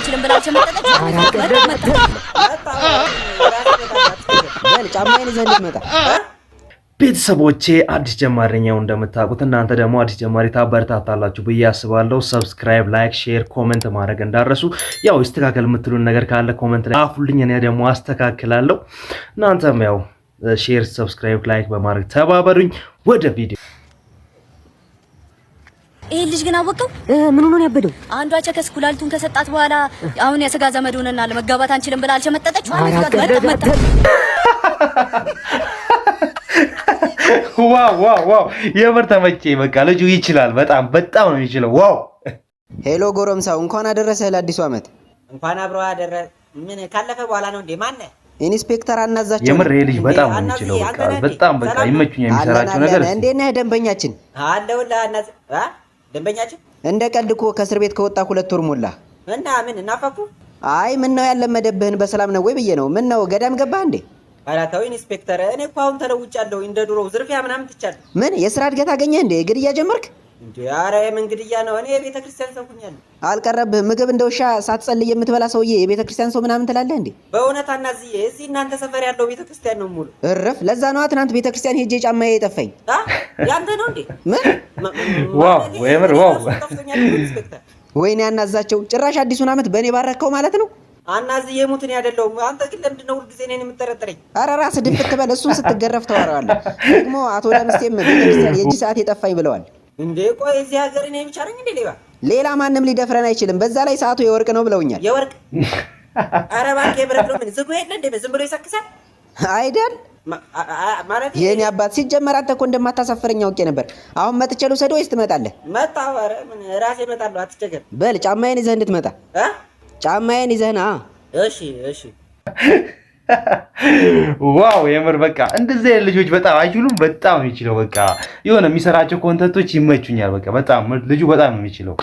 አንችልም ብላ መጠጠች ቤተሰቦቼ አዲስ ጀማሪ ነኝ። እንደምታውቁት እናንተ ደግሞ አዲስ ጀማሪ ታበረታታላችሁ ብዬ አስባለሁ። ሰብስክራይብ፣ ላይክ፣ ሼር፣ ኮሜንት ማድረግ እንዳረሱ። ያው ይስተካከል የምትሉን ነገር ካለ ኮሜንት ላይ አፉልኝ፣ እኔ ደግሞ አስተካክላለሁ። እናንተም ያው ሼር፣ ሰብስክራይብ፣ ላይክ በማድረግ ተባበሩኝ። ወደ ቪዲዮ ይሄ ልጅ ግን አወቀው። ምን ሆኖ ነው ያበደው? አንዷ ቸከስ ኩላሊቱን ከሰጣት በኋላ አሁን የስጋ ዘመድ ሆነና ለመጋባት አንችልም ብላ አልሸመጠጠች። ዋው ዋው ዋው! የምር ተመቼ። በቃ ልጁ ይችላል። በጣም በጣም ነው የሚችለው። ዋው! ሄሎ ጎረምሳው፣ እንኳን አደረሰ ለአዲሱ ዓመት። እንኳን አብሮ አደረሰ። ምን ካለፈ በኋላ ነው እንዴ? ማነ ኢንስፔክተር አናዛቸው። የምር ይሄ ልጅ በጣም ነው የሚችለው። በቃ በጣም በቃ ይመቹኛል የሚሰራቸው ነገር። እንዴት ነህ ደንበኛችን? አለሁልህ አናዝ ደንበኛችን እንደ ቀልድ እኮ ከእስር ቤት ከወጣ ሁለት ወር ሞላ እና ምን እናፋፉ? አይ ምን ነው ያለመደብህን በሰላም ነው ወይ ብዬ ነው። ምን ነው ገዳም ገባህ እንዴ? አላታዊ ኢንስፔክተር፣ እኔ እኮ አሁን ተለውጫለሁ። እንደ ድሮው ዝርፊያ ምናምን ትቻለሁ። ምን የስራ እድገት አገኘህ እንዴ? ግድያ ጀመርክ? ኧረ የመንግድያ ነው። እኔ የቤተ ክርስቲያን ሰው ሁኛለሁ። አልቀረብህም። ምግብ እንደ ውሻ ሳትጸልይ የምትበላ ሰውዬ የቤተ ክርስቲያን ሰው ምናምን ትላለህ እንዴ? በእውነት አናዝዬ፣ እዚህ እናንተ ሰፈር ያለው ቤተ ክርስቲያን ነው ሙሉ እርፍ። ለዛ ነዋ ትናንት ቤተ ክርስቲያን ሄጄ ጫማዬ የጠፋኝ። ያንተ ነው እንዴ? ምን ዋው! ወይምር ዋው! ወይኔ ያናዛቸው። ጭራሽ አዲሱን አመት በእኔ ባረከው ማለት ነው። አናዝዬ፣ የሙትን ያደለው አንተ ግን ለምንድን ነው ሁልጊዜ እኔን የምጠረጥረኝ? ኧረ ራስህ በል። እሱን ስትገረፍ ተዋረዋለህ። ደግሞ አቶ ለምስቴም ቤተ የእጅ ሰዓት የጠፋኝ ብለዋል። እንዴ ቆይ፣ እዚህ ሀገር እኔ ብቻ ነኝ እንዴ ሌባ? ሌላ ማንም ሊደፍረን አይችልም። በዛ ላይ ሰዓቱ የወርቅ ነው ብለውኛል። የወርቅ ኧረ እባክህ ብረት ነው። ምን ዝጉ የለ እንዴ? ዝም ብሎ ይሰክሳል አይደል? ማለት የኔ አባት፣ ሲጀመር አንተ እኮ እንደማታሳፍረኝ አውቄ ነበር። አሁን መጥቼ ልውሰድ ወይስ ትመጣለህ? መጣሁ። ኧረ ምን ራሴ እመጣለሁ፣ አትቸገር። በል ጫማዬን ይዘህ እንድትመጣ ጫማዬን ይዘህና። እሺ እሺ ዋው የምር በቃ እንደዚህ አይነት ልጆች በጣም አይችሉም። በጣም የሚችለው በቃ የሆነ የሚሰራቸው ኮንተንቶች ይመቹኛል። በቃ በጣም ልጁ በጣም የሚችለው